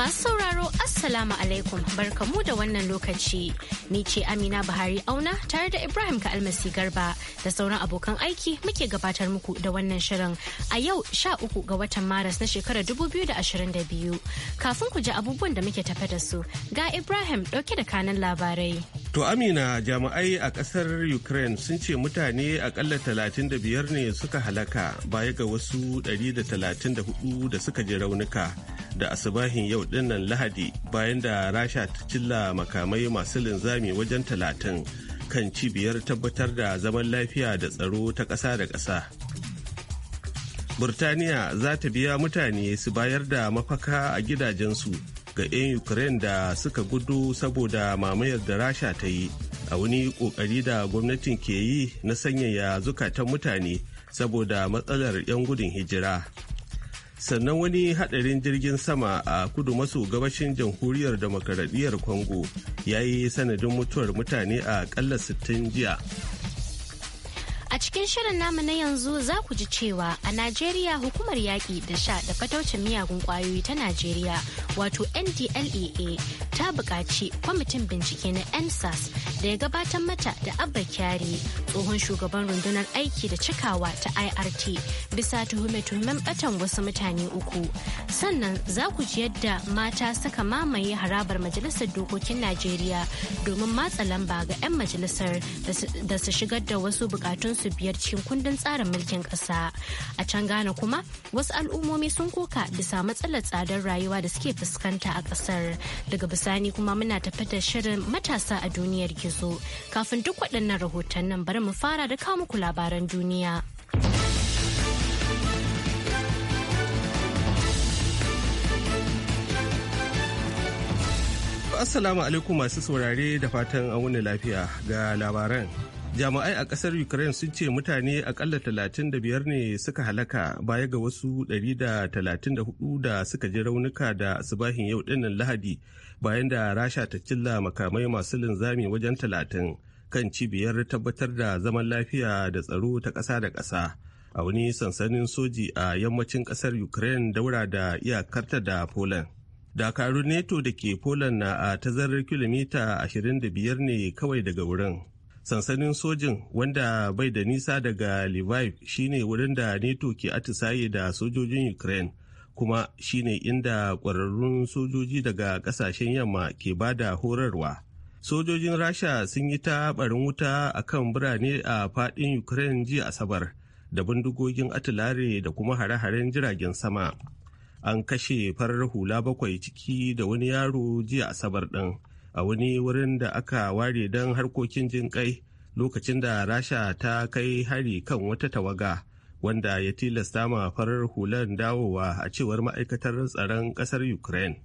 Masu sauraro Assalamu alaikum barkamu da wannan lokaci. Ni ce Amina Buhari Auna tare da Ibrahim ka Almasi Garba da sauran abokan aiki muke gabatar muku da wannan shirin a yau sha uku ga watan Maris na shekarar 2022. Kafin ku ji abubuwan da muke tafe da su ga Ibrahim ɗauke da kanan labarai. To Amina jami'ai a ƙasar Ukraine sun ce mutane akalla 35 ne suka halaka baya ga wasu 134 da suka ji raunuka da asubahin yau dinnan lahadi bayan da rasha ta cilla makamai masu linzami wajen talatin kan cibiyar tabbatar da zaman lafiya da tsaro ta ƙasa da ƙasa burtaniya za ta biya mutane su bayar da mafaka a gidajensu ga 'yan ukraine da suka gudu saboda mamayar da rasha ta yi a wani ƙoƙari da gwamnatin ke yi na sanyaya zukatan mutane saboda matsalar 'yan gudun hijira sannan wani hadarin jirgin sama a kudu maso gabashin jamhuriyar demokaradiyyar congo ya yi sanadin mutuwar mutane a kalla 60 jiya cikin shirin namu na yanzu za ku ji cewa a Najeriya hukumar yaƙi da sha da fataucin miyagun ƙwayoyi ta Najeriya wato NDLEA ta buƙaci kwamitin bincike na NSAS da ya gabatar mata da Abba Kyari tsohon shugaban rundunar aiki da cikawa ta IRT bisa tuhume-tuhumen batan wasu mutane uku. Sannan za ku ji yadda mata suka mamaye harabar Majalisar Dokokin Najeriya domin matsa lamba ga 'yan majalisar da su shigar da wasu bukatunsu biyar cikin kundin tsarin mulkin ƙasa. A can Ghana kuma wasu al'ummomi sun koka bisa matsalar tsadar rayuwa da suke fuskanta a ƙasar. Daga bisani kuma muna tafi da shirin matasa a duniyar gizo. Kafin duk waɗannan rahotannin bari mu fara da muku labaran duniya. Assalamu alaikum masu saurare da fatan an wuni lafiya ga labaran. jami'ai a kasar ukraine sun ce mutane akalla 35 ne suka halaka baya ga wasu 134 da suka ji raunuka da asibahin yau dinnan lahadi bayan da rasha ta cilla makamai masu linzami wajen 30 kan cibiyar tabbatar da zaman lafiya da tsaro ta ƙasa da ƙasa a wani sansanin soji a yammacin ƙasar ukraine daura da iyakarta da poland dakarun neto da ke poland na a tazarar kilomita 25 ne kawai daga wurin sansanin sojin wanda bai da nisa daga lviv shine wurin da neto ke atisaye da sojojin ukraine kuma shine inda kwararrun sojoji daga kasashen yamma ke ba da horarwa sojojin rasha sun yi ta barin wuta a kan birane a fadin ukraine jiya asabar da bindigogin atilare da kuma hare-haren jiragen sama an kashe farar hula bakwai ciki da wani yaro jiya asabar ɗin. a wani wurin da aka ware don harkokin jin kai lokacin da rasha ta kai hari kan wata tawaga wanda ya tilasta ma farar hular dawowa a cewar ma'aikatar tsaron ƙasar ukraine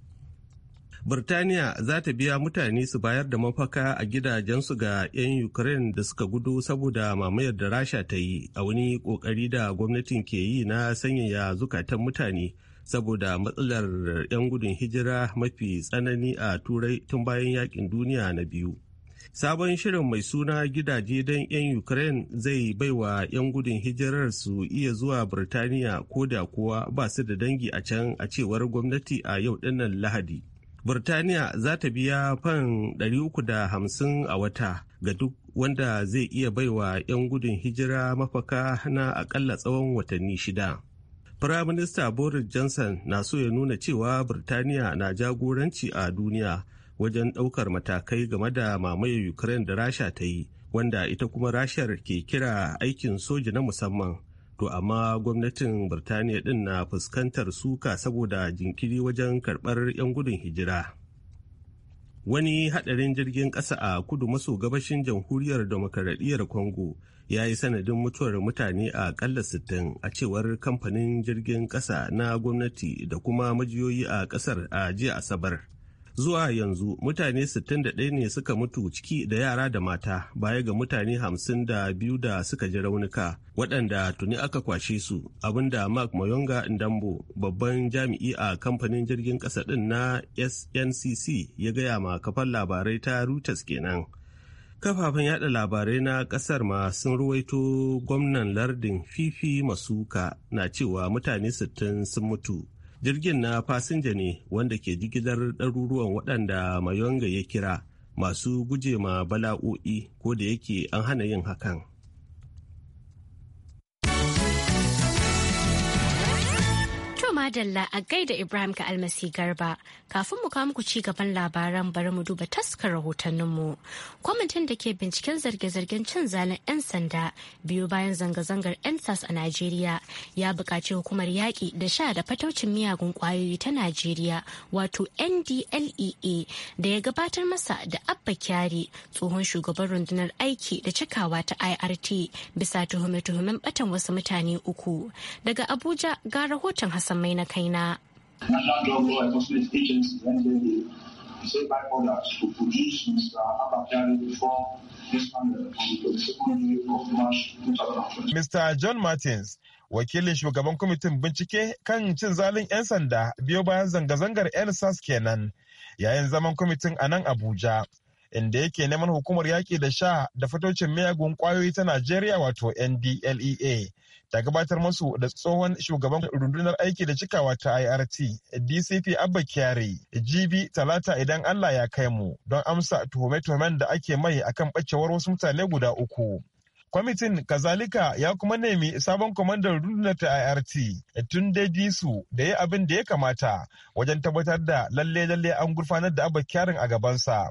Birtaniya za ta biya mutane su bayar da mafaka a gidajensu ga 'yan Ukraine da suka gudu saboda mamayar da Rasha ta yi a wani kokari da gwamnatin ke yi na sanyaya zukatan mutane saboda matsalar 'yan gudun hijira mafi tsanani a turai tun bayan yakin duniya na biyu sabon shirin mai suna gidaje don 'yan ukraine zai baiwa 'yan gudun hijirar su iya zuwa birtaniya ko da kuwa ba su da dangi a can a cewar gwamnati a yau dinnan lahadi birtaniya za ta biya fan 350 a wata ga duk wanda zai iya baiwa 'yan gudun hijira mafaka na akalla tsawon watanni shida Firaminista Boris Johnson na so ya nuna cewa Birtaniya na jagoranci a duniya wajen ɗaukar matakai game da mamayar Ukraine da Rasha ta yi, wanda ita kuma Rashar ke kira aikin soji na musamman. To amma gwamnatin Birtaniya ɗin na fuskantar suka saboda jinkiri wajen karɓar 'yan gudun hijira. wani hadarin jirgin ƙasa a kudu maso gabashin jamhuriyar demokaradiyyar congo ya yi sanadin mutuwar mutane a kalla 60 a cewar kamfanin jirgin ƙasa na gwamnati da kuma majiyoyi a ƙasar a jiya asabar zuwa yanzu mutane 61 ne suka mutu ciki da yara da mata baya ga mutane 52 da suka ji raunuka waɗanda tuni aka kwashe su abinda mark mayonga ndambo babban jami'i a kamfanin jirgin ƙasa ɗin na sncc ya gaya ma kafar labarai ta reuters kenan kafafen yada labarai na kasar ma sun ruwaito gwamnan lardin fifi masuka na cewa mutane 60 sun mutu jirgin na fasinja ne wanda ke jigilar ɗaruruwan waɗanda mayonga ya kira masu guje ma bala'o'i ko da yake an hana yin hakan madalla a gaida Ibrahim ka almasi garba kafin mu kawo muku ci gaban labaran bari mu duba taskar rahotanninmu. Kwamitin da ke binciken zarge-zargen cin zalin 'yan sanda biyu bayan zanga-zangar 'yan sas a Najeriya ya buƙaci hukumar yaƙi da sha da fataucin miyagun ƙwayoyi ta Najeriya wato NDLEA da ya gabatar masa da Abba Kyari tsohon shugaban rundunar aiki da cikawa ta IRT bisa tuhume-tuhumen batan wasu mutane uku. Daga Abuja ga rahoton Hassan Mai na kaina. Mr. Uh, John Martins, wakilin shugaban kwamitin bincike kan cin zalin 'yan sanda biyo bayan zanga-zangar NSAS kenan yayin zaman kwamitin a nan Abuja. inda yake neman hukumar yaƙi da sha da fitocin miyagun ƙwayoyi ta Najeriya wato NDLEA ta gabatar masu da tsohon shugaban rundunar aiki da cikawa ta IRT DCP Abba Kyari GB Talata idan Allah ya kai mu don amsa tuhume-tuhumen da ake mai akan ɓacewar wasu mutane guda uku. Kwamitin kazalika ya kuma nemi sabon kwamandan rundunar ta IRT tun dai disu da ya abin da ya kamata wajen tabbatar da lalle-lalle an gurfanar da abba kyarin a gabansa.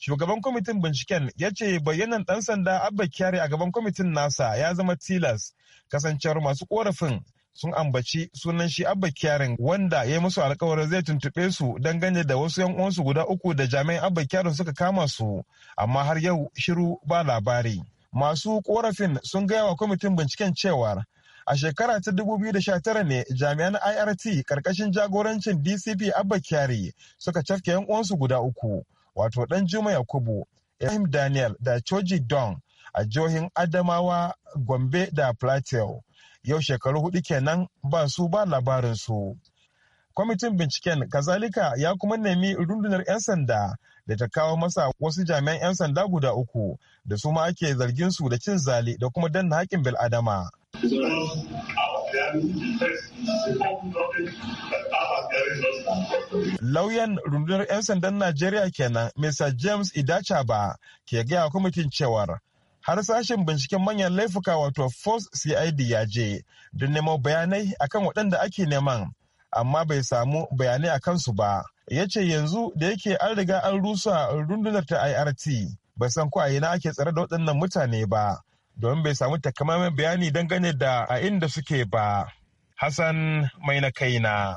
shugaban kwamitin binciken ya ce bayyanan ɗan sanda abba kyari a gaban kwamitin nasa ya zama tilas kasancewar masu korafin sun ambaci sunan shi abba kyarin wanda ya yi musu alkawarin zai tuntuɓe su ganye da wasu yan uwansu guda uku da jami'an abba kyarin suka kama su amma har yau shiru ba labari masu korafin sun gaya wa kwamitin binciken cewa, a shekara ta 2019 ne jami'an irt karkashin jagorancin dcp abba kyari suka cafke yan uwansu guda uku wato dan juma yakubu ibrahim daniel da choji don a jihohin adamawa gombe da plateau yau shekaru hudu kenan ba su ba labarinsu kwamitin binciken kazalika ya kuma nemi rundunar 'yan sanda da ta kawo masa wasu jami'an 'yan sanda guda uku da su ma ake zargin su da cin zali da kuma danna haƙƙin bil'adama. Lauyan rundunar 'yan sandan Najeriya kenan, Mr. James ba ke gaya kwamitin cewar har sashen binciken manyan laifuka wato force cid ya je don nemo bayanai akan waɗanda ake neman amma bai samu bayanai a kansu ba ya ce yanzu da yake an riga an rusa rundunar ta irt bai san ko a ina ake tsare da waɗannan mutane ba domin bai samu takamaiman bayani dangane da a inda suke ba hassan mai na kaina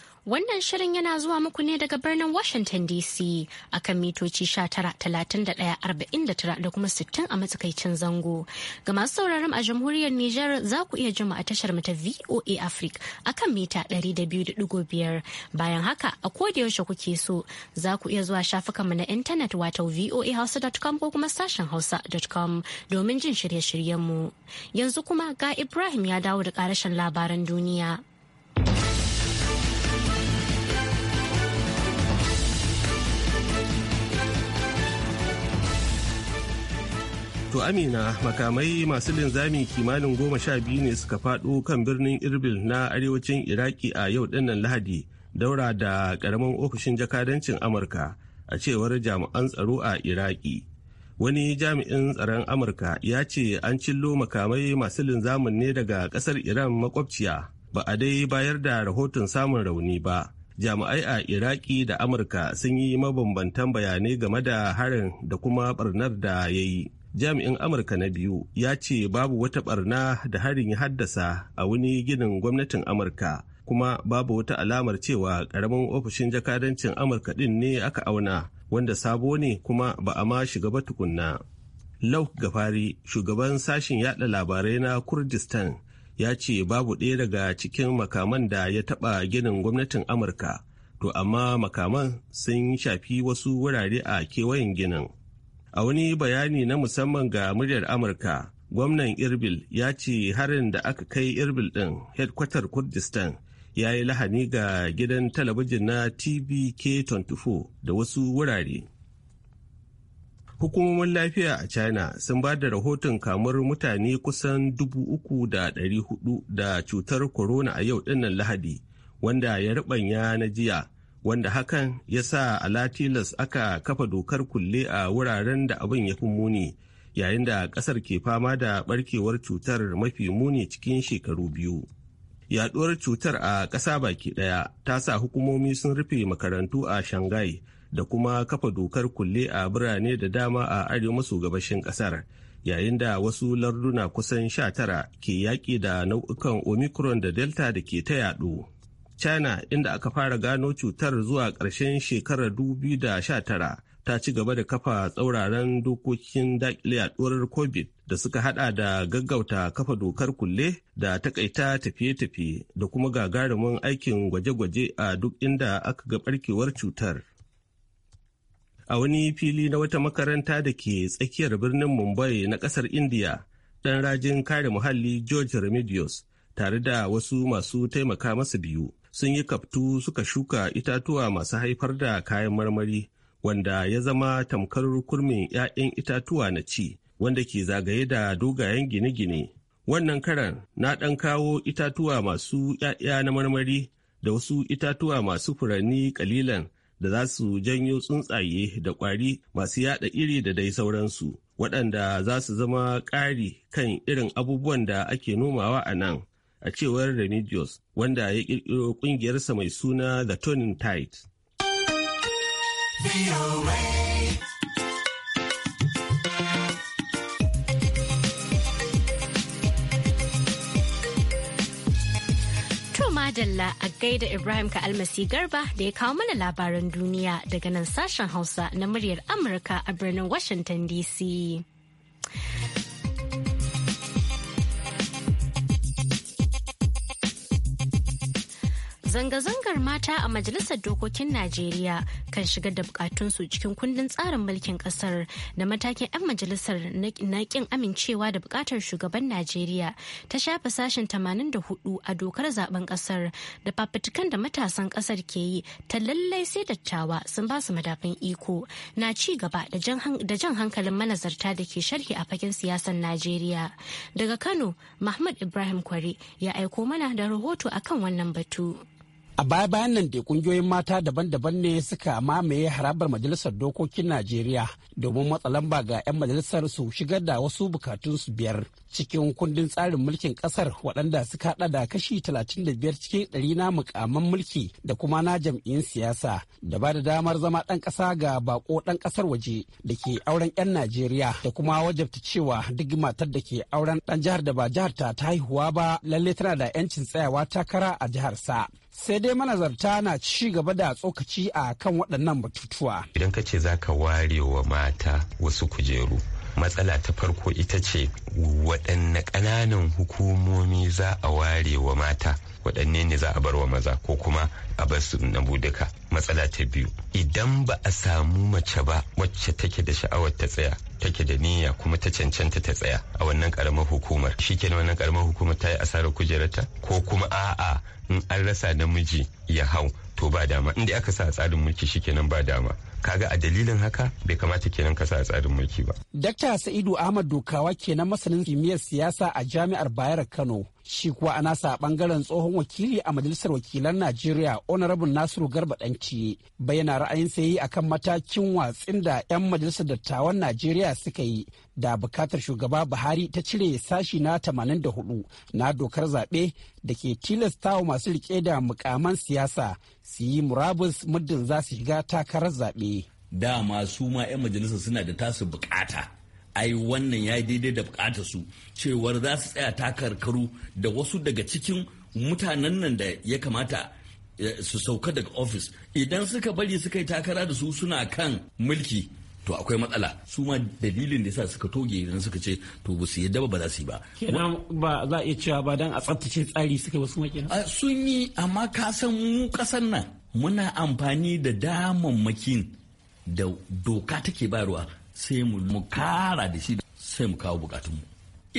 Wannan shirin yana zuwa muku ne daga birnin Washington DC a kan mitoci 19,31,49 da kuma 60 a matsakaicin zango. Ga masu sauraron a jamhuriyar Nijar za ku iya jima a tashar mata VOA Africa a kan mita 200.5. Bayan haka a yaushe kuke so za ku iya zuwa shafukanmu na intanet wato voahausa.com ko kuma sashen hausa.com domin jin shirye-shiryenmu. Yanzu kuma ga Ibrahim ya dawo da ƙarashin labaran duniya. To Amina makamai masu linzami kimanin goma sha biyu ne suka faɗo kan birnin Irbil na arewacin Iraki a yau dinnan Lahadi daura da ƙaramin ofishin jakadancin Amurka a cewar jami'an tsaro a Iraki. Wani jami'in tsaron Amurka ya ce an cillo makamai masu linzamin ne daga ƙasar Iran makwabciya ba a dai bayar da rahoton samun rauni ba. jami'ai a iraki da amurka sun yi mabambantan bayanai game da harin da kuma barnar da ya yi jami'in amurka na biyu ya ce babu wata barna da harin ya haddasa a wani ginin gwamnatin amurka kuma babu wata alamar cewa karamin ofishin jakadancin amurka din ne aka auna wanda sabo ne kuma ba a ma shiga ba tukunna lau gafari shugaban sashen yada labarai na kurdistan ya ce babu ɗaya daga cikin makaman da ya taɓa ginin gwamnatin amurka to amma makaman sun shafi wasu wurare a kewayen ginin a wani bayani na musamman ga muryar amurka gwamnan irbil ya ce harin da aka kai irbil din hedkwatar kurdistan ya yi lahani ga gidan talabijin na tbk 24 da wasu wurare hukumomin lafiya a china sun ba da rahoton kamar mutane kusan 3,400 da cutar corona a yau dinnan lahadi wanda ya ribanya na jiya wanda hakan ya sa alatilas aka kafa dokar kulle a wuraren da abin ya fi muni yayin da kasar ke fama da barkewar cutar mafi muni cikin shekaru biyu yaduwar cutar a ƙasa baki ɗaya ta sa hukumomi sun rufe makarantu a shanghai da kuma kafa dokar kulle a birane da dama a arewa maso gabashin ƙasar yayin da wasu larduna kusan sha tara ke yaƙi da nau'ukan omicron da delta da ke ta yaɗo china inda aka fara gano cutar zuwa ƙarshen shekarar 2019 ta ci gaba da kafa tsauraran dokokin daƙile yaduwar covid da suka hada da gaggauta kafa dokar kulle da takaita tafiye-tafiye da kuma gagarumin aikin gwaje-gwaje a duk inda aka ga barkewar cutar a wani fili na wata makaranta da ke tsakiyar birnin mumbai na ƙasar india ɗan rajin kare muhalli george remedios tare da wasu masu taimaka masa biyu sun yi kaftu suka shuka itatuwa masu haifar da kayan marmari wanda ya zama tamkar kurmin 'ya'yan itatuwa na ci wanda ke zagaye da dogayen gine-gine. Wannan karan na ɗan kawo itatuwa masu 'ya'ya na marmari da wasu itatuwa masu furanni kalilan da za su janyo tsuntsaye da ƙwari masu yaɗa iri da dai sauransu waɗanda za su zama ƙari kan irin abubuwan da ake nomawa a nan a cewar Remedios wanda ya kirkiro kungiyarsa mai suna The Turning Tide. Madalla a gaida Ibrahim ka almasi garba da ya kawo mana labaran duniya daga nan sashen Hausa na muryar Amurka a birnin Washington DC. Zanga-zangar mata a Majalisar Dokokin Najeriya kan shigar da bukatunsu cikin kundin tsarin mulkin kasar da matakin 'yan majalisar na kin amincewa da bukatar shugaban Najeriya ta shafe sashen 84 a dokar zaben kasar da fafutukan da matasan kasar ke yi ta lallai sai dattawa sun ba su madafin iko na ci gaba da jan hankalin manazarta da ke sharhi a fagen siyasar Najeriya. Daga Kano, Mahmud Ibrahim Kwari ya aiko mana da rahoto akan wannan batu. a baya bayan nan da kungiyoyin mata daban-daban ne suka mamaye harabar majalisar dokokin najeriya domin matsa lamba ga 'yan majalisar su shigar da wasu bukatunsu biyar cikin kundin tsarin mulkin kasar waɗanda suka hada da kashi 35 cikin ɗari na mukaman mulki da kuma na jam'in siyasa da ba da damar zama ɗan ƙasa ga baƙo ɗan ƙasar waje da ke auren 'yan Najeriya da kuma wajabta cewa duk matar da ke auren ɗan jihar da ba jihar ta ta haihuwa ba lalle tana da 'yancin tsayawa takara a jihar sa. sai dai manazarta na ci gaba da tsokaci a kan waɗannan batutuwa. Idan ka ce za ka ware wa mata wasu kujeru matsala ta farko ita ce waɗanne ƙananan hukumomi za a ware wa mata waɗanne ne za a bar wa maza ko kuma a bar su na buduka matsala ta biyu idan ba a samu mace ba wacce take da sha'awar ta tsaya take da niyya kuma ta cancanta ta tsaya a wannan karamar hukumar shi shikenan wannan karamar hukumar ta yi asarar kujerarta ko kuma a'a in an rasa namiji ya hau to ba dama in aka sa tsarin mulki shi nan ba dama kaga a dalilin haka bai kamata kenan kasa a tsarin mulki ba. Dakta Sa'idu Ahmad Dokawa kenan masanin kimiyyar siyasa a Jami'ar Bayar Kano shi kuwa a nasa bangaren tsohon wakili a majalisar wakilan najeriya honorable nasiru garba danci bayyana ra'ayin sayi akan matakin watsin da 'yan majalisar dattawan najeriya suka yi da bukatar shugaba buhari ta cire sashi na 84 na dokar zaɓe da ke tilasta wa masu rike da mukaman siyasa su yi murabus muddin za su shiga takarar zaɓe. Da masu ma 'yan majalisar suna da tasu bukata ai wannan ya yi daidai da bukatar su cewar za su tsaya takarkaru da wasu daga cikin mutanen nan da ya kamata eh, su sauka daga ofis idan suka bari suka yi takara da su suna kan mulki to akwai matsala su ma dalilin da sa suka toge idan suka ce to ba su yadda ba za su yi ba ba za a iya cewa ba dan a tsaftace tsari suka wasu sun yi amma ka san mu kasan nan muna amfani da damammakin da doka take bayarwa sai mu kara da shi sai mu kawo bukatunmu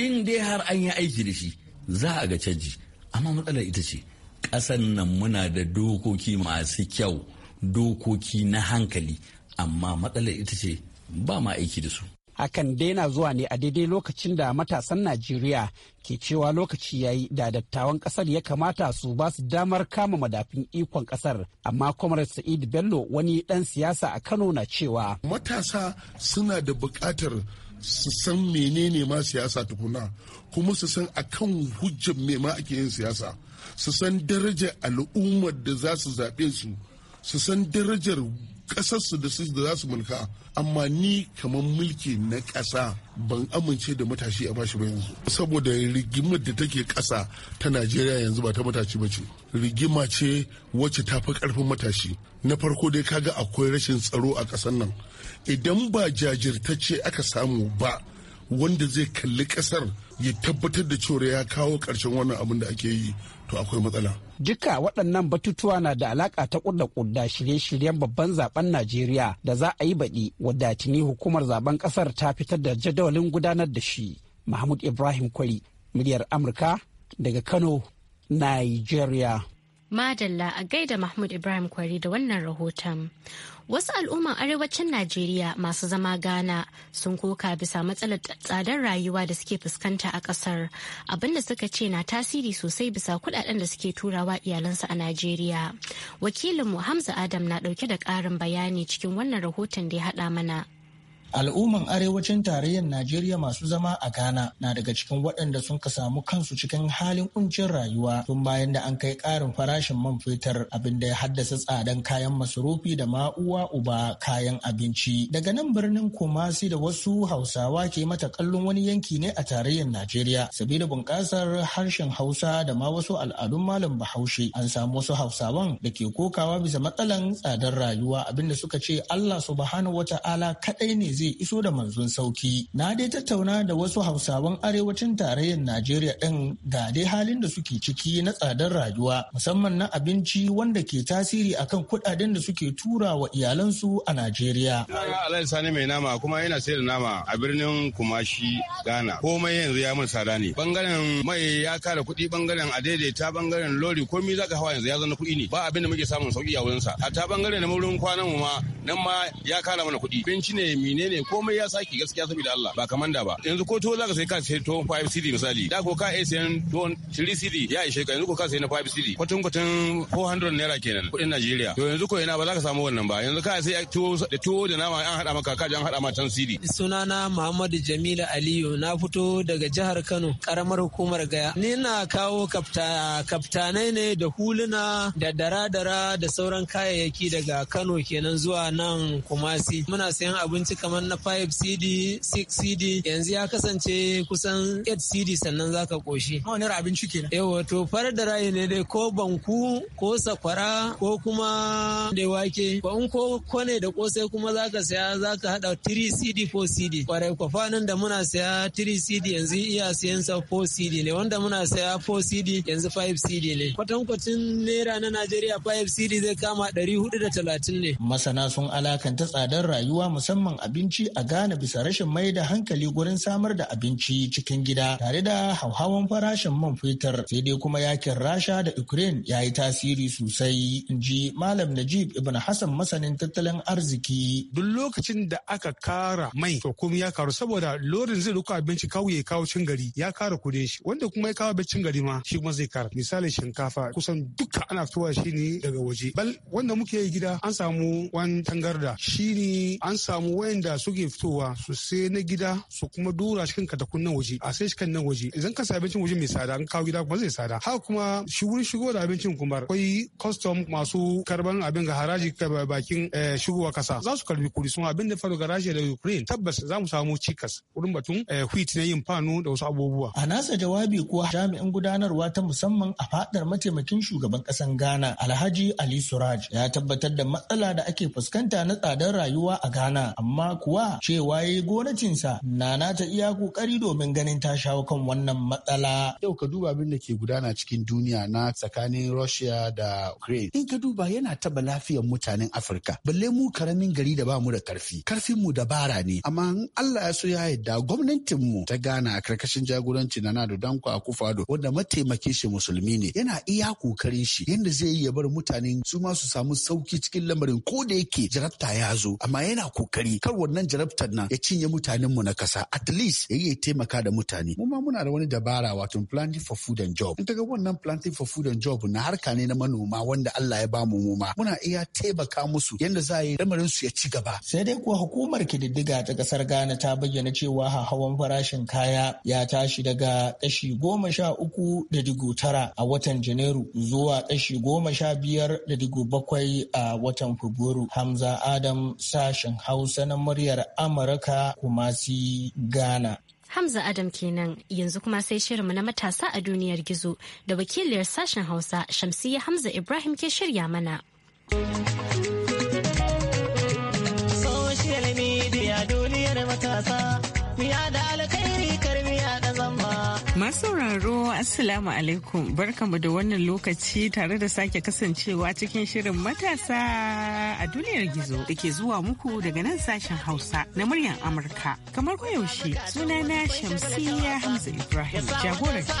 in dai har an yi aiki da shi za a ga canji amma matsalar ita ce ƙasan nan muna da dokoki masu kyau dokoki na hankali amma matsalar ita ce ba ma aiki da su akan daina zuwa ne a daidai lokacin da matasan najeriya ke cewa lokaci yayi da dattawan kasar ya kamata su ba su damar kama madafin ikon kasar amma comrade sa'id bello wani dan siyasa a kano na cewa matasa suna da buƙatar su san menene ma siyasa tukuna kuma su san akan hujjar me ma ake yin siyasa su san darajar al'ummar da za su zaɓe su su san darajar ƙasarsu da su da za su mulka amma ni kamar mulki na ƙasa ban amince da matashi a bashi ba yanzu saboda rigimar da take ƙasa ta najeriya yanzu ba ta matashi ba ce rigima ce wacce ta fi ƙarfin matashi na farko dai kaga akwai rashin tsaro a ƙasar nan idan ba jajirtacce aka samu ba wanda zai kalli ƙasar ya tabbatar da cewa ya kawo ƙarshen wannan abin da ake yi to akwai matsala Duka waɗannan batutuwa na da alaƙa ta ƙudda ƙudda shirye-shiryen babban zaben Najeriya da za a yi baɗi wadda tuni hukumar zaben ƙasar ta fitar da jadawalin gudanar da shi. Mahmud Ibrahim Kwari, miliyar Amurka daga Kano, Nigeria. Madalla a gaida Mahmud Ibrahim Kwari da wannan rahoton. Wasu al'umman arewacin Najeriya masu zama Ghana sun koka bisa matsalar tsadar rayuwa da suke fuskanta a ƙasar abinda suka ce na tasiri sosai bisa kudaden da suke turawa iyalansu a Najeriya. Wakilinmu Hamza Adam na ɗauke da ƙarin bayani cikin wannan rahoton da ya haɗa mana. Al'umman arewacin tarayyar Najeriya masu zama a Ghana na daga cikin waɗanda sun ka samu kansu cikin halin kuncin rayuwa tun bayan da an kai ƙarin farashin man fetur abin da ya haddasa tsadan kayan masarufi da ma uwa uba kayan abinci. Daga nan birnin Kumasi da wasu Hausawa ke mata kallon wani yanki ne a tarayyar Najeriya. Sabida bunƙasar harshen Hausa da ma wasu al'adun malam Bahaushe an samu wasu Hausawan da ke kokawa bisa matsalan tsadar rayuwa abinda suka ce Allah subhanahu wata'ala kaɗai ne zai zai iso da manzon sauki. Na dai tattauna da wasu hausawan arewacin tarayyar Najeriya ɗin ga dai halin da suke ciki na tsadar rayuwa musamman na abinci wanda ke tasiri akan kuɗaɗen da suke tura wa iyalansu a Najeriya. Alhaji Sani mai nama kuma yana sayar da nama a birnin Kumashi Ghana. Komai yanzu ya mun tsada ne. Bangaren mai ya kara kuɗi bangaren a daidaita bangaren lori komai zaka hawa yanzu ya zama kuɗi ne. Ba abin da muke samun sauki a wurinsa. A ta bangaren na wurin kwanan mu ma nan ma ya kara mana kuɗi. Binci ne menene ne komai ya saki gaskiya saboda Allah ba kaman da ba yanzu ko tuwo zaka sai ka sai tuwo 5 cd misali da ko ka iya sayan tuwon 3 cd ya ishe ka yanzu ko ka sai na 5 cd kwatun kwatan 400 naira kenan kudin Najeriya to yanzu ko ina ba za ka samu wannan ba yanzu ka sai tuwo da tuwo da nama an hada maka kaji an hada ma can cd sunana Muhammadu Jamila Aliyu na fito daga jihar Kano karamar hukumar Gaya ni na kawo kafta kaftanai ne da huluna da dara-dara da sauran kayayyaki daga Kano kenan zuwa nan Kumasi muna sayan abinci kamar kamar na 5 cd 6 cd yanzu ya kasance kusan 8 cd sannan ka koshi wani abinci kenan yawa to farar da rayu ne dai ko banku ko sakwara ko kuma da wake ko in ko kone da kosai kuma ka saya ka hada 3 cd 4 cd kwarai kwafanin da muna saya 3 cd yanzu iya siyan sa 4 cd ne wanda muna saya 4 cd yanzu 5 cd ne kwatankwacin naira na najeriya 5 cd zai kama 430 ne masana sun alakanta tsadar rayuwa musamman abinci abinci a Ghana bisa rashin mai da hankali gurin samar da abinci cikin gida tare da hauhawan farashin man fetur sai dai kuma yakin Rasha da Ukraine ya yi tasiri sosai in ji Malam Najib Ibn Hassan masanin tattalin arziki. Duk lokacin da aka kara mai to kuma ya karu saboda lorin zai duka abinci kauye kawo cin gari ya kara kudin shi wanda kuma ya kawo abincin gari ma shi kuma zai kara misali shinkafa kusan duka ana fitowa shi ne daga waje bal wanda muke yi gida an samu wani tangarda shi ne an samu wayanda da suke fitowa su sai na gida su kuma dora cikin katakun nan waje a sai cikin nan waje idan ka sa abincin waje mai tsada an kawo gida kuma zai tsada haka kuma shi wurin shigo da abincin kuma akwai custom masu karban abin ga haraji ka bakin eh, shigowa kasa za su karbi kuɗi sun abin da faru ga Rasha da Ukraine tabbas za mu samu cikas wurin batun eh, wheat na yin fano da wasu abubuwa a nasa jawabi kuwa jami'in gudanarwa ta musamman a fadar mataimakin shugaban kasan Ghana Alhaji Ali Suraj ya tabbatar da matsala da ake fuskanta na tsadar rayuwa a Ghana amma kuwa cewa ya yi gwamnatinsa na nata iya kokari domin ganin ta shawo kan wannan matsala. Yau ka duba abin da ke gudana cikin duniya na tsakanin Russia da Ukraine. In ka duba yana taba lafiyar mutanen Afirka. Balle mu karamin gari da bamu da karfi. Karfin mu dabara ne. Amma Allah ya so ya yarda gwamnatin mu ta gana a karkashin jagoranci na Nado Danko Akufo-Addo wanda mataimakin shi musulmi ne. Yana iya kokarin shi yanda zai yi ya bar mutanen su ma su samu sauki cikin lamarin ko da yake jarabta ya zo amma yana kokari kar wannan jarabtar na ya cinye mutanen mu na kasa at least ya iya taimaka da mutane mu ma muna da wani dabara wato planting for food and job in ta ga wannan planting for food and job na harka ne na manoma wanda Allah ya bamu mu ma muna iya taimaka musu yanda za a yi lamarin su ya ci gaba sai dai kuwa hukumar kididdiga ta kasar Ghana ta bayyana cewa hawan farashin kaya ya tashi daga kashi goma sha uku da digo tara a watan Janairu zuwa kashi goma sha biyar da digo bakwai a watan Fabrairu Hamza Adam sashen Hausa na Murya muryar Amurka Kumasi Ghana. Hamza Adam kenan yanzu kuma sai shirinmu na matasa a duniyar gizo da wakiliyar sashen Hausa Shamsiyya Hamza Ibrahim ke shirya mana. Social media duniyar matasa, da sauraro Assalamu alaikum barkamu da wannan lokaci tare da sake kasancewa cikin shirin matasa a duniyar gizo da ke zuwa muku daga nan sashen Hausa na muryar Amurka. Kamar koyaushe sunana Shamsiyya Hamza Ibrahim jagorar shirin.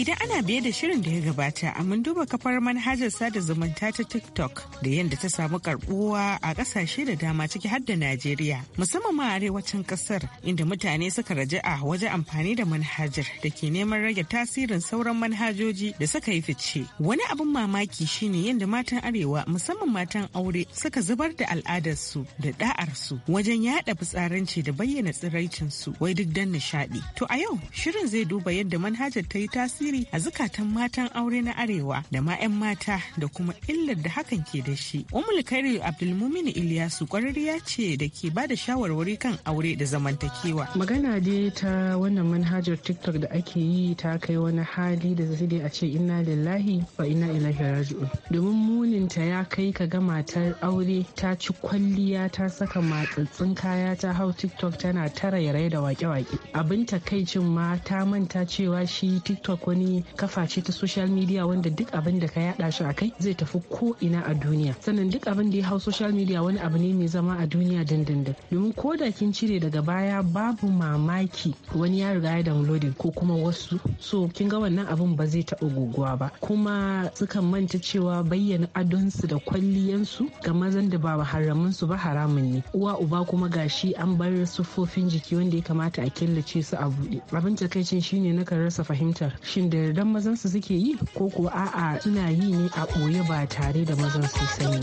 Idan ana biye da shirin da ya gabata, a mun duba kafar manhajar sada zumunta ta TikTok da yadda ta samu karbuwa a kasashe da dama ciki har da Najeriya, musamman ma arewacin kasar inda mutane suka raja'a waje amfani da manhajar da ke neman rage tasirin sauran manhajoji da suka yi fice. Wani abin mamaki shine yadda matan arewa musamman matan aure suka zubar da al'adarsu da ɗa'arsu wajen yaɗa fitsarinci da bayyana tsiraicinsu wai duk dan nishaɗi. To a yau shirin zai duba yadda manhajar ta yi tasiri tasiri a zukatan matan aure na arewa da ma 'yan mata da kuma illar da hakan ke da shi. Umul Kare Abdulmumin Iliyasu kwararriya ce da ke ba da shawarwari kan aure da zamantakewa. Magana dai ta wannan manhajar TikTok da ake yi ta kai wani hali da zai a ce inna lillahi wa inna ilaihi raji'un. Domin muninta ya kai ka ga matar aure ta ci kwalliya ta saka matsatsin kaya ta hau TikTok tana ta yare da wake-wake. Abin takaicin ma ta manta cewa shi TikTok wani wani kaface ta social media wanda duk abin da ka yada shi a kai zai tafi ko ina a duniya sannan duk abin da ya hau social media wani abu ne mai zama a duniya dindindin domin ko da kin cire daga baya babu mamaki wani ya riga ya downloading ko kuma wasu so kin ga wannan abin ba zai taɓa guguwa ba kuma sukan manta cewa bayyana adonsu da kwalliyansu ga mazan da ba haramun su ba haramun ne uwa uba kuma gashi an bar siffofin jiki wanda ya kamata a killace su a buɗe abin takaicin shine na rasa fahimtar shin da yardan mazan su suke yi ko kuwa a'a suna yi ne a ɓoye ba tare da mazan su sani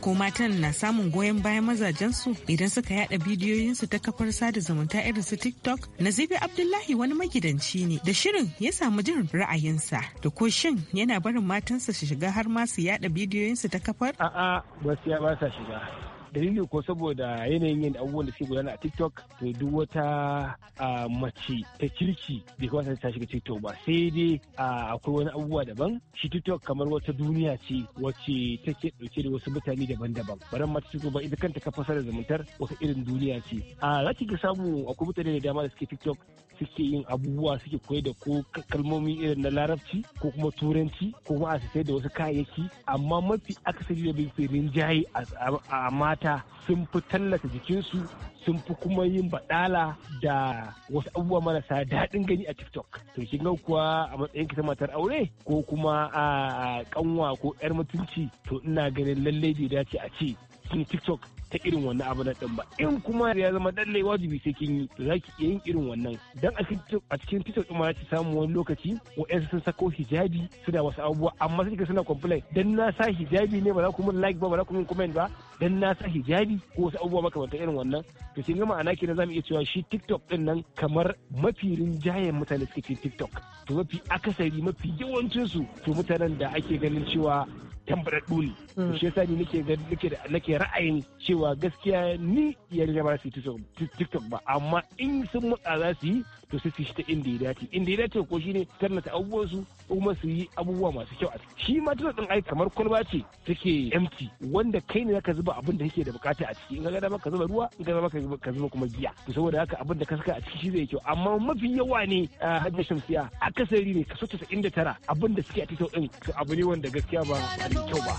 ko matan na samun goyon bayan mazajen su idan suka yada bidiyoyin su ta kafar sada zumunta irin su tiktok nazibi abdullahi wani magidanci ne da shirin ya samu jin ra'ayin sa, da ko shin yana barin matansa su shiga har ma su yada su ta kafar a'a gaskiya ba sa shiga dalili ko saboda yanayin yin abubuwan da suke gudana a tiktok to duk wata mace ta kirki bai kamata ta shiga tiktok ba sai dai akwai wani abubuwa daban shi tiktok kamar wata duniya ce wacce take dauke da wasu mutane daban-daban bari mata tiktok ba ita kanta kafa sada zumuntar wata irin duniya ce a zaki ki ga samu akwai mutane da dama da suke tiktok suke yin abubuwa suke koyar da ko kalmomi irin na larabci ko kuma turanci ko kuma a sai da wasu kayayyaki amma mafi akasari da bai rinjaye a mata sun fi tallata jikinsu sun fi kuma yin baɗala da wasu abubuwa marasa daɗin gani a tiktok to kin ga kuwa a matsayin ta matar aure ko kuma a kanwa ko yar mutunci to ina ganin lallai bai dace a ce cikin tiktok ta irin wannan abu na ɗin ba in kuma ya zama lallai wajibi sai kin yi to za ki iya yin irin wannan dan a cikin tiktok ɗin ma ki samu wani lokaci wa'yansu sun sako hijabi suna wasu abubuwa amma sai ka suna complain dan na sa hijabi ne ba za ku min like ba ba za ku min comment ba dan na sa hijabi ko wasu abubuwa makamantan irin wannan to kin ga ma'ana kenan mu iya cewa shi tiktok ɗin nan kamar mafi rinjayen mutane suke tiktok to mafi akasari mafi yawancinsu to mutanen da ake ganin cewa tambaɗaɗɗu ne mm. shi yasa ni nake nake nake ra'ayin cewa gaskiya ni ya na su yi tiktok ba amma in sun matsa za su yi to su fi shi ta inda ya dace inda ya dace ko shine tarnata abubuwan su kuma su yi abubuwa masu kyau a shi ma tana din ai kamar kwalba ce take empty wanda kai ne zaka zuba abin da yake da bukata a ciki in ka gada ka zuba ruwa in ka ga ka zuba kuma giya to saboda haka abin da ka saka a ciki shi zai kyau amma mafi yawa ne hajjar shamsiya akasari ne kaso 99 abin da suke a tiktok din abu ne wanda gaskiya ba a kyau ba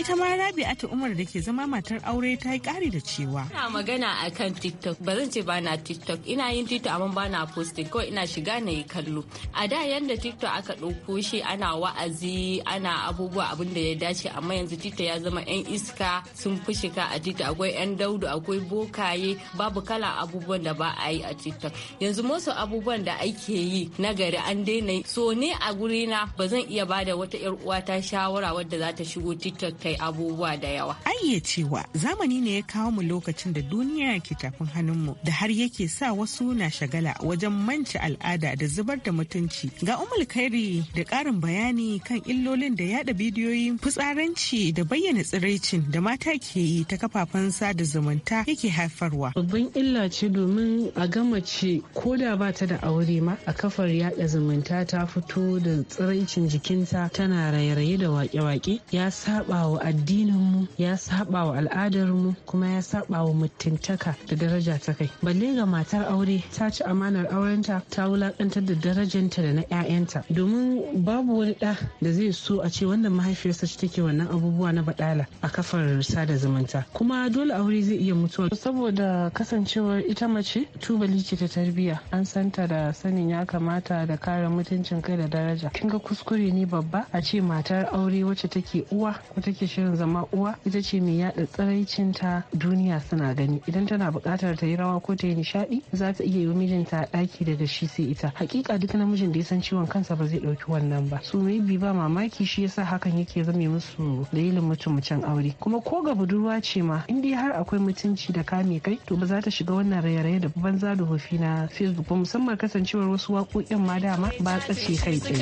ita ma Rabi rabi'atu umar da ke zama matar aure ta yi kari da cewa ina magana a kan tiktok ba zan ce ba na tiktok ina yin tiktok amma ba na posting ko ina shiga na yi kallo a da yanda tiktok da aka ɗauko shi ana wa'azi ana abubuwa abin da ya dace amma yanzu tita ya zama 'yan iska sun fi shika a tita akwai 'yan daudu akwai bokaye babu kala abubuwan da ba a yi a tita yanzu masu abubuwan da ake yi na gari an daina so ne a guri na ba zan iya ba da wata 'yar uwata shawara wadda za ta shigo tita kai abubuwa da yawa. Ayye cewa zamani ne ya kawo mu lokacin da duniya ke tafin mu da har yake sa wasu na shagala wajen manci al'ada da zubar da mutunci ga umul alheri da ƙarin bayani kan illolin da yada bidiyoyin fitsaranci da bayyana tsiraicin da mata ke yi ta kafafen sada zumunta yake haifarwa. Babban illa ce domin a gama ce ko da ba ta da aure ma a kafar yada zumunta ta fito da tsiraicin jikinta tana raye-raye da wake-wake ya saba wa addininmu ya saba wa al'adarmu kuma ya saba wa mutuntaka da daraja ta kai. Balle ga matar aure ta ci amanar aurenta ta wulakantar da darajanta da na 'ya'yanta domin babu wani ɗa da zai so a ce wannan mahaifiyarsa ce take wannan abubuwa na baɗala a kafar sada zumunta kuma dole aure zai iya mutuwa saboda kasancewar ita mace tubali ce ta tarbiyya an santa da sanin ya kamata da kare mutuncin kai da daraja kin ga kuskure ne babba a ce matar aure wacce take uwa ko take shirin zama uwa ita ce mai yada ta duniya suna gani idan tana buƙatar ta yi rawa ko ta yi nishaɗi za ta iya yi mijinta ɗaki daga shi sai ita hakika duk namijin da ya san ciwon kansa ba zai ɗauki wannan ba su bi ba mamaki shi yasa hakan yake zame musu dalilin mutum aure kuma ko ga budurwa ce ma in dai har akwai mutunci da kame kai to ba za ta shiga wannan raye-raye da banza da hofi na facebook ba musamman kasancewar wasu waƙoƙin ma dama ba tsace kai tsaye.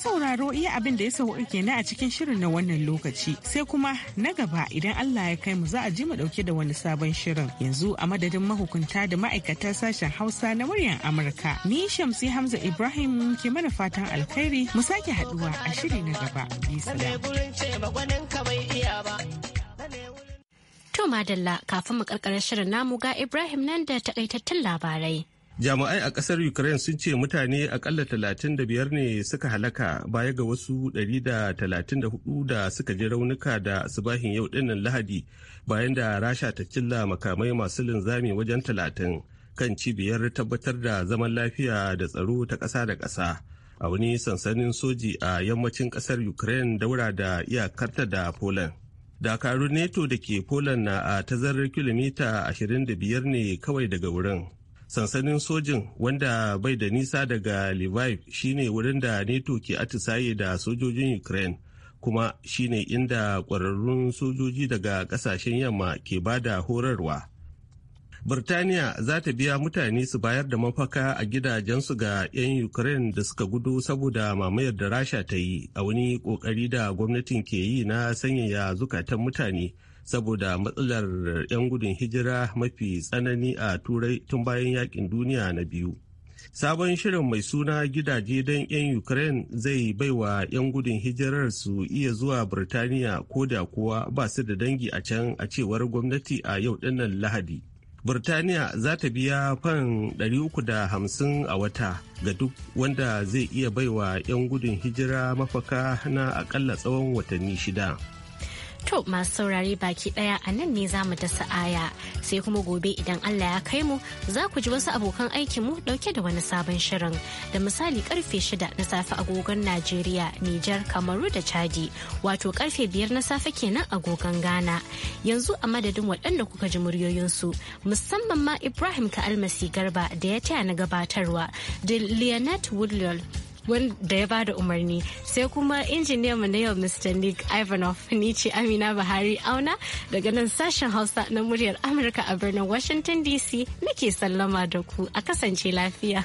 sauraro iya abin da ya sauka kenan a cikin shirin na wannan lokaci sai kuma na gaba idan Allah ya kai mu za a ji mu dauke da wani sabon shirin yanzu a madadin mahukunta da ma'aikatan sashen Hausa na muryar Amurka ni Shamsi Hamza Ibrahim ke mana fatan alkhairi mu sake haduwa a shiri na gaba To madalla kafin mu karkarar shirin namu ga Ibrahim nan da takaitattun labarai. jami'ai a kasar ukraine sun ce mutane akalla 35 ne suka halaka baya ga wasu 134 da suka ji raunuka da asibahin yau dinnan lahadi bayan da rasha ta cilla makamai masu linzami wajen 30 kan cibiyar tabbatar da zaman lafiya da tsaro ta ƙasa da ƙasa a wani sansanin soji a yammacin ƙasar ukraine daura da iyakarta da poland dakarun neto da ke poland na a tazarar kilomita 25 ne kawai daga wurin sansanin sojin wanda bai da nisa daga lviv shine wurin da Nato ke atisaye da sojojin ukraine kuma shine inda kwararrun sojoji daga kasashen yamma ke ba da horarwa birtaniya za ta biya mutane su bayar da mafaka a gidajensu ga 'yan ukraine da suka gudu saboda mamayar da rasha ta yi a wani kokari da gwamnatin ke yi na sanyaya zukatan mutane saboda matsalar 'yan gudun hijira mafi tsanani a turai tun bayan yakin duniya na biyu sabon shirin mai suna gidaje don 'yan ukraine zai baiwa 'yan gudun hijirar su iya zuwa birtaniya ko da kuwa ba su da dangi a can a cewar gwamnati a yau dinnan lahadi birtaniya za ta biya fan 350 a wata ga duk wanda zai iya baiwa 'yan gudun hijira mafaka na akalla tsawon watanni shida To masu saurari baki daya a nan ne za mu dasa aya sai kuma gobe idan Allah ya kai mu za ku ji wasu abokan aikin mu dauke da wani sabon shirin da misali karfe shida na safe agogon Najeriya, Nijar, Kamaru da Chadi wato karfe biyar na safe kenan agogon Ghana. Yanzu a madadin waɗanda kuka ji muryoyinsu musamman ma Ibrahim Ka'almasi Garba da ya taya na gabatarwa da Leonard Woodlall wanda ya bada umarni sai kuma injiniya mu na yau Mr. Nick Ivanov ni ce Amina Buhari auna daga nan sashen Hausa na muryar Amurka a birnin Washington DC muke sallama da ku a kasance lafiya.